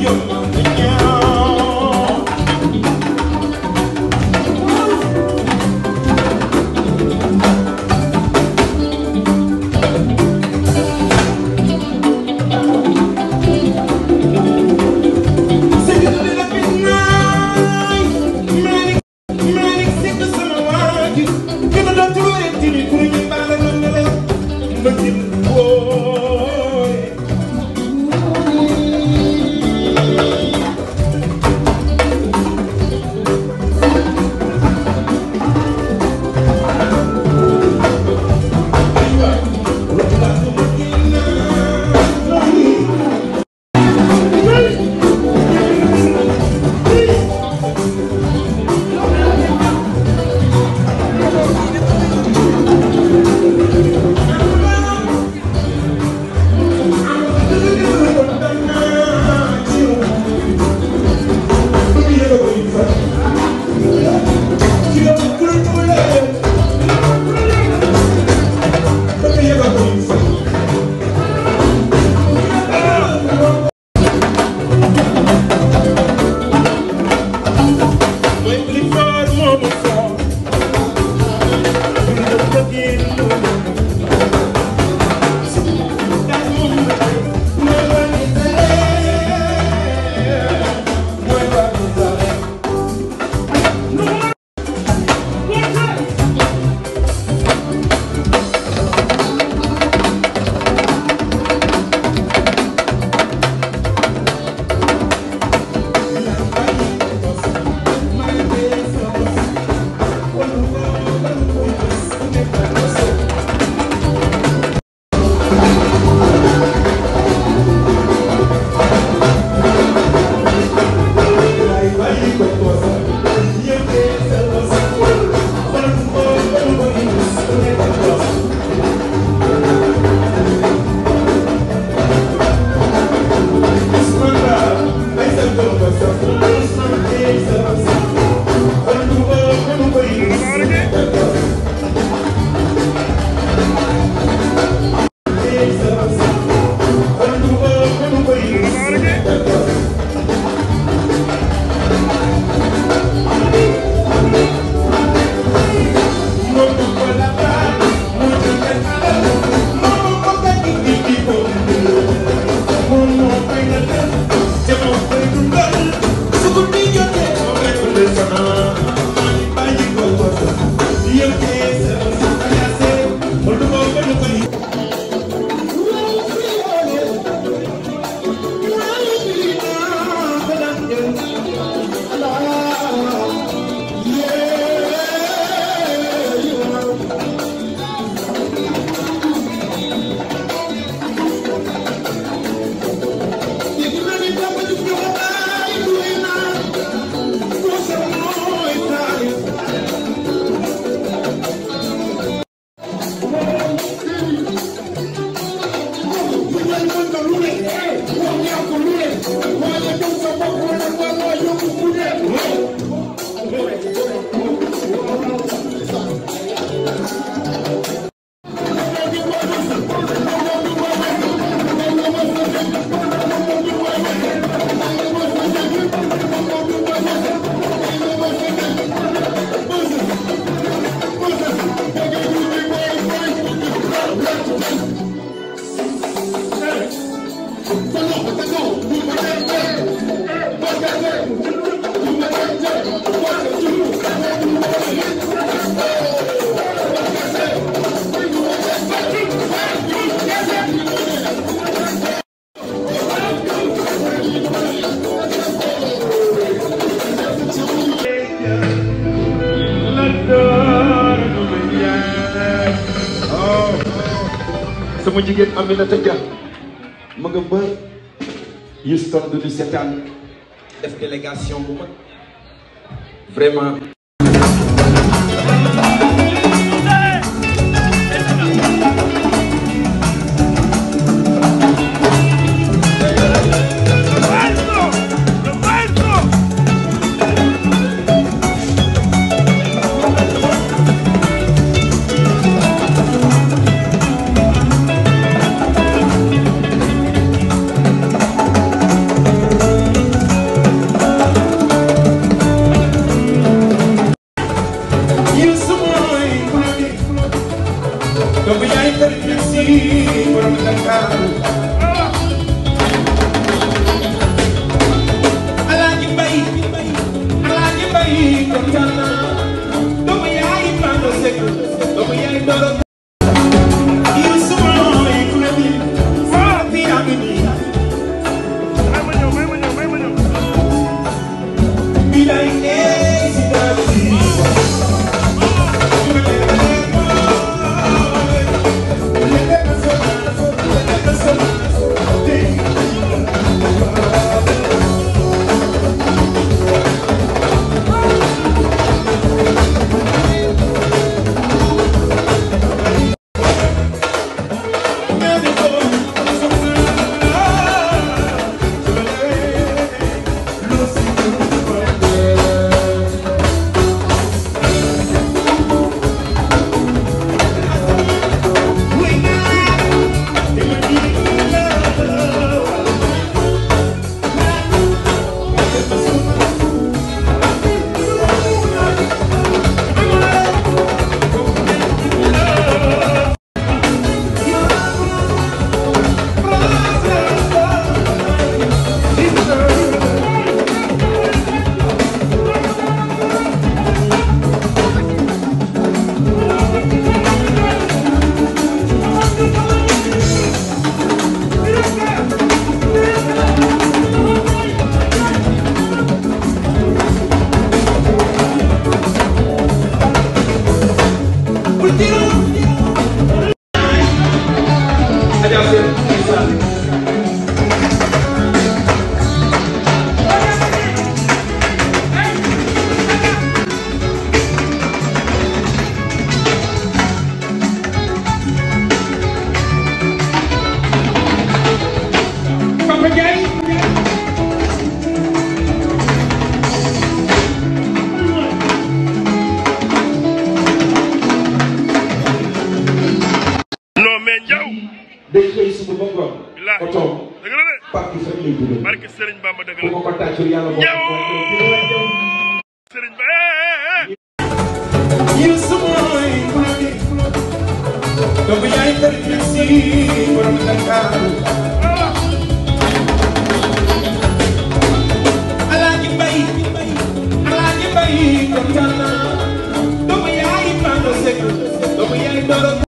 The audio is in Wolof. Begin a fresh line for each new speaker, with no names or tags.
a sama jigéen Aminata Dia ma nga ba Houston du seetaan def délégation bu mag vraiment shining we do. day xëy suba ba ngoon otoom parti rek lay dugal barke Serigne Bamba dëgg la bu ko ko tàccul yàlla boo Serigne Ba yi sumay kulati doomu yaay tarbiya si borom Dakar Alaaji Mbay Alaaji Mbay kontaan naa doomu yaay Mado Seck doomu yaay Doro